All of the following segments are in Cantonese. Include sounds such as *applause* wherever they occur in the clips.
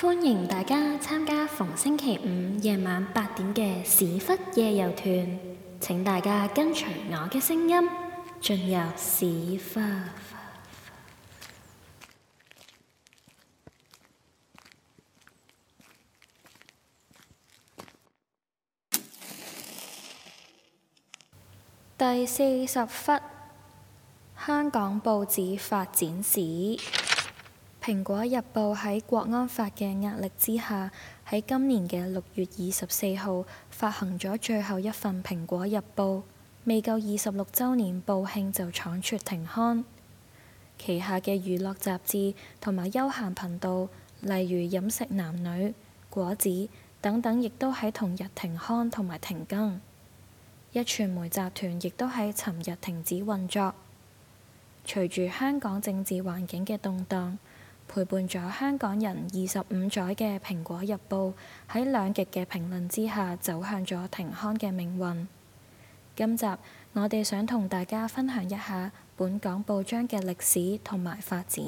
歡迎大家參加逢星期五晚夜晚八點嘅史窟夜遊團。請大家跟隨我嘅聲音進入史窟。 *laughs* 第四十窟，香港報紙發展史。《蘋果日報》喺國安法嘅壓力之下，喺今年嘅六月二十四號發行咗最後一份《蘋果日報》，未夠二十六週年報慶就倉促停刊。旗下嘅娛樂雜誌同埋休閒頻道，例如《飲食男女》、《果子》等等，亦都喺同日停刊同埋停更。壹傳媒集團亦都喺尋日停止運作。隨住香港政治環境嘅動盪，陪伴咗香港人二十五載嘅《蘋果日報》，喺兩極嘅評論之下，走向咗停刊嘅命運。今集我哋想同大家分享一下本港報章嘅歷史同埋發展。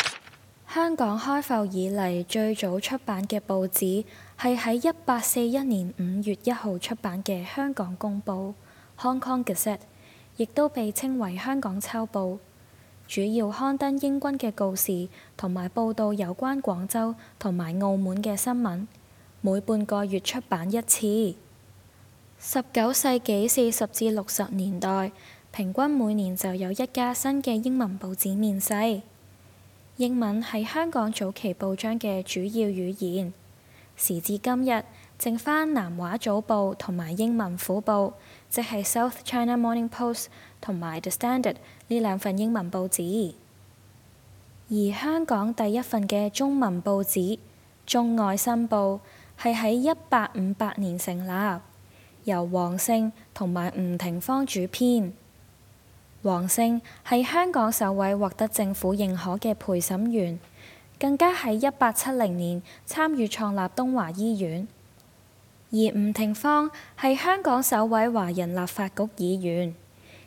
*noise* 香港開埠以嚟最早出版嘅報紙係喺一八四一年五月一號出版嘅《香港公報》（Hong Kong Gazette），亦都被稱為香港秋報。主要刊登英軍嘅告示同埋報道有關廣州同埋澳門嘅新聞，每半個月出版一次。十九世紀四十至六十年代，平均每年就有一家新嘅英文報紙面世。英文係香港早期報章嘅主要語言，時至今日，剩翻南華早報同埋英文虎報，即係 South China Morning Post 同埋 The Standard 呢兩份英文報紙。而香港第一份嘅中文報紙《中外新報》係喺一八五八年成立，由黃勝同埋吳廷芳主編。黃勝係香港首位獲得政府認可嘅陪審員，更加喺一八七零年參與創立東華醫院。而伍廷芳係香港首位華人立法局議員，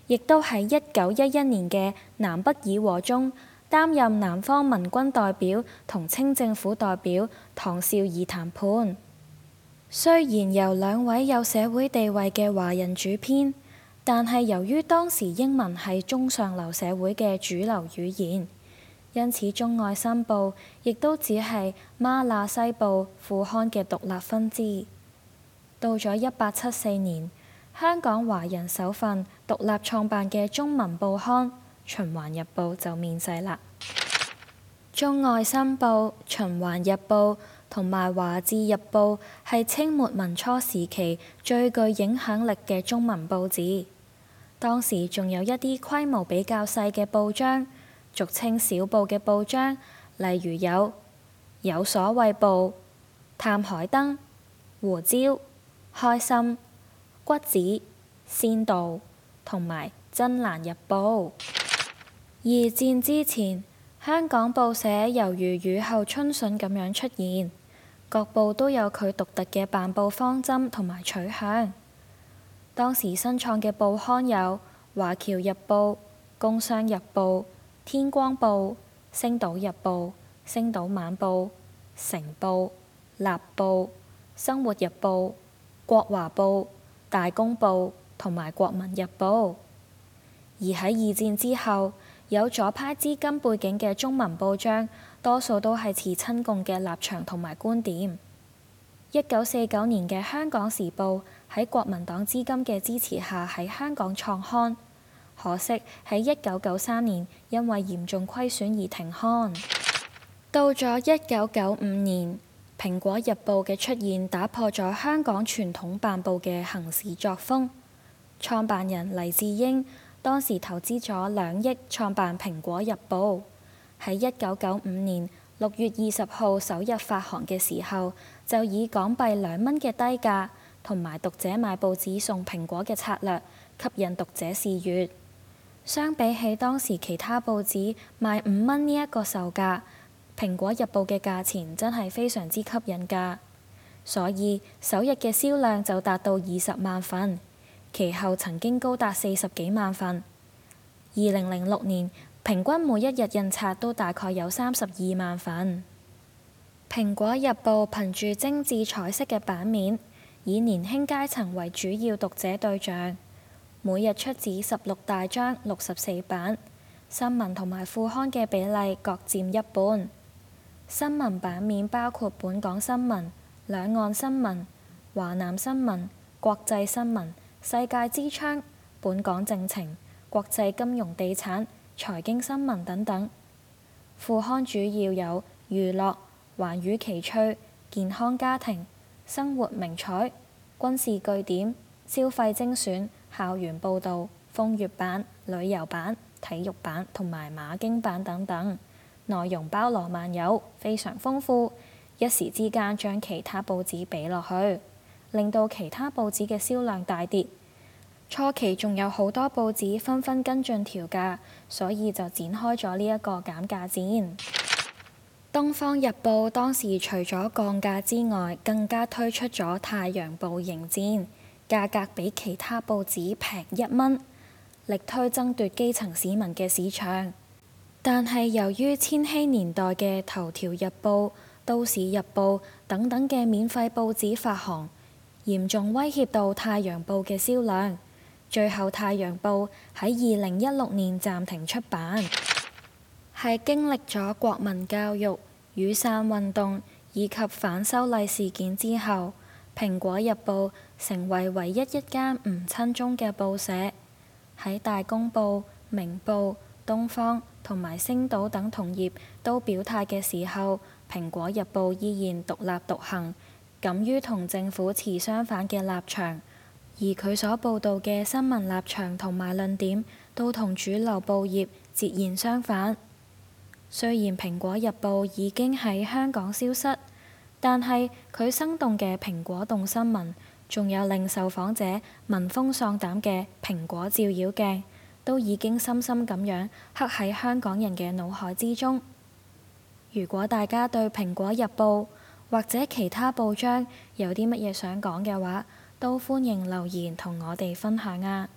亦都喺一九一一年嘅南北議和中擔任南方民軍代表同清政府代表唐紹儀談判。雖然由兩位有社會地位嘅華人主編，但係由於當時英文係中上流社會嘅主流語言，因此中外新報亦都只係孖剌西報副刊嘅獨立分支。到咗一八七四年，香港華人首份獨立創辦嘅中文報刊《循環日報》就面世啦。《中外新報》、《循環日報》同埋《華字日報》係清末民初時期最具影響力嘅中文報紙。當時仲有一啲規模比較細嘅報章，俗稱小報嘅報章，例如有《有所謂報》、《探海燈》、胡椒《和招》。開心、骨子、先導同埋《真蘭日報》。二戰之前，香港報社猶如雨後春筍咁樣出現，各報都有佢獨特嘅辦報方針同埋取向。當時新創嘅報刊有《華僑日報》、《工商日報》、《天光報》、《星島日報》、《星島晚報》、《成報》、《立報》、《生活日報》。國華報、大公報同埋國民日報，而喺二戰之後，有左派資金背景嘅中文報章，多數都係持親共嘅立場同埋觀點。一九四九年嘅《香港時報》喺國民黨資金嘅支持下喺香港創刊，可惜喺一九九三年因為嚴重虧損而停刊。到咗一九九五年。《蘋果日報》嘅出現打破咗香港傳統辦報嘅行事作風。創辦人黎智英當時投資咗兩億創辦《蘋果日報》，喺一九九五年六月二十號首日發行嘅時候，就以港幣兩蚊嘅低價，同埋讀者買報紙送蘋果嘅策略，吸引讀者試閱。相比起當時其他報紙賣五蚊呢一個售價。蘋果日報嘅價錢真係非常之吸引㗎，所以首日嘅銷量就達到二十萬份，其後曾經高達四十幾萬份。二零零六年平均每一日印刷都大概有三十二萬份。蘋果日報憑住精緻彩色嘅版面，以年輕階層為主要讀者對象，每日出紙十六大張，六十四版，新聞同埋副刊嘅比例各佔一半。新聞版面包括本港新聞、兩岸新聞、華南新聞、國際新聞、世界之窗、本港政情、國際金融地產、財經新聞等等。副刊主要有娛樂、環宇奇趣、健康家庭、生活名彩、軍事據點、消費精選、校園報導、風月版、旅遊版、體育版同埋馬經版等等。內容包羅萬有，非常豐富，一時之間將其他報紙比落去，令到其他報紙嘅銷量大跌。初期仲有好多報紙紛紛跟進調價，所以就展開咗呢一個減價戰。《東方日報》當時除咗降價之外，更加推出咗《太陽報》迎戰，價格比其他報紙平一蚊，力推爭奪基層市民嘅市場。但係由於千禧年代嘅《頭條日報》、《都市日報》等等嘅免費報紙發行，嚴重威脅到《太陽報》嘅銷量，最後《太陽報》喺二零一六年暫停出版。係經歷咗國民教育、雨傘運動以及反修例事件之後，《蘋果日報》成為唯一一間唔親中嘅報社。喺《大公報》、《明報》、《東方》同埋星島等同業都表態嘅時候，蘋果日報依然獨立獨行，敢於同政府持相反嘅立場，而佢所報導嘅新聞立場同埋論點都同主流報業截然相反。雖然蘋果日報已經喺香港消失，但係佢生動嘅蘋果動新聞，仲有令受訪者聞風喪膽嘅蘋果照妖鏡，都已經深深咁樣刻喺香港人嘅腦海之中。如果大家對《蘋果日報》或者其他報章有啲乜嘢想講嘅話，都歡迎留言同我哋分享啊！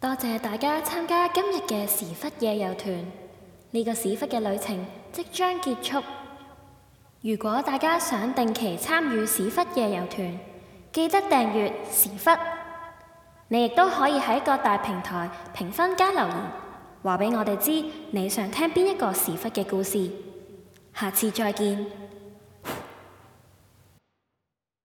多謝大家參加今日嘅史窟夜遊團，呢個史窟嘅旅程即將結束。如果大家想定期參與史窟夜遊團，記得訂閱史窟，你亦都可以喺各大平台評分加留言，話俾我哋知你想聽邊一個史窟嘅故事。下次再見。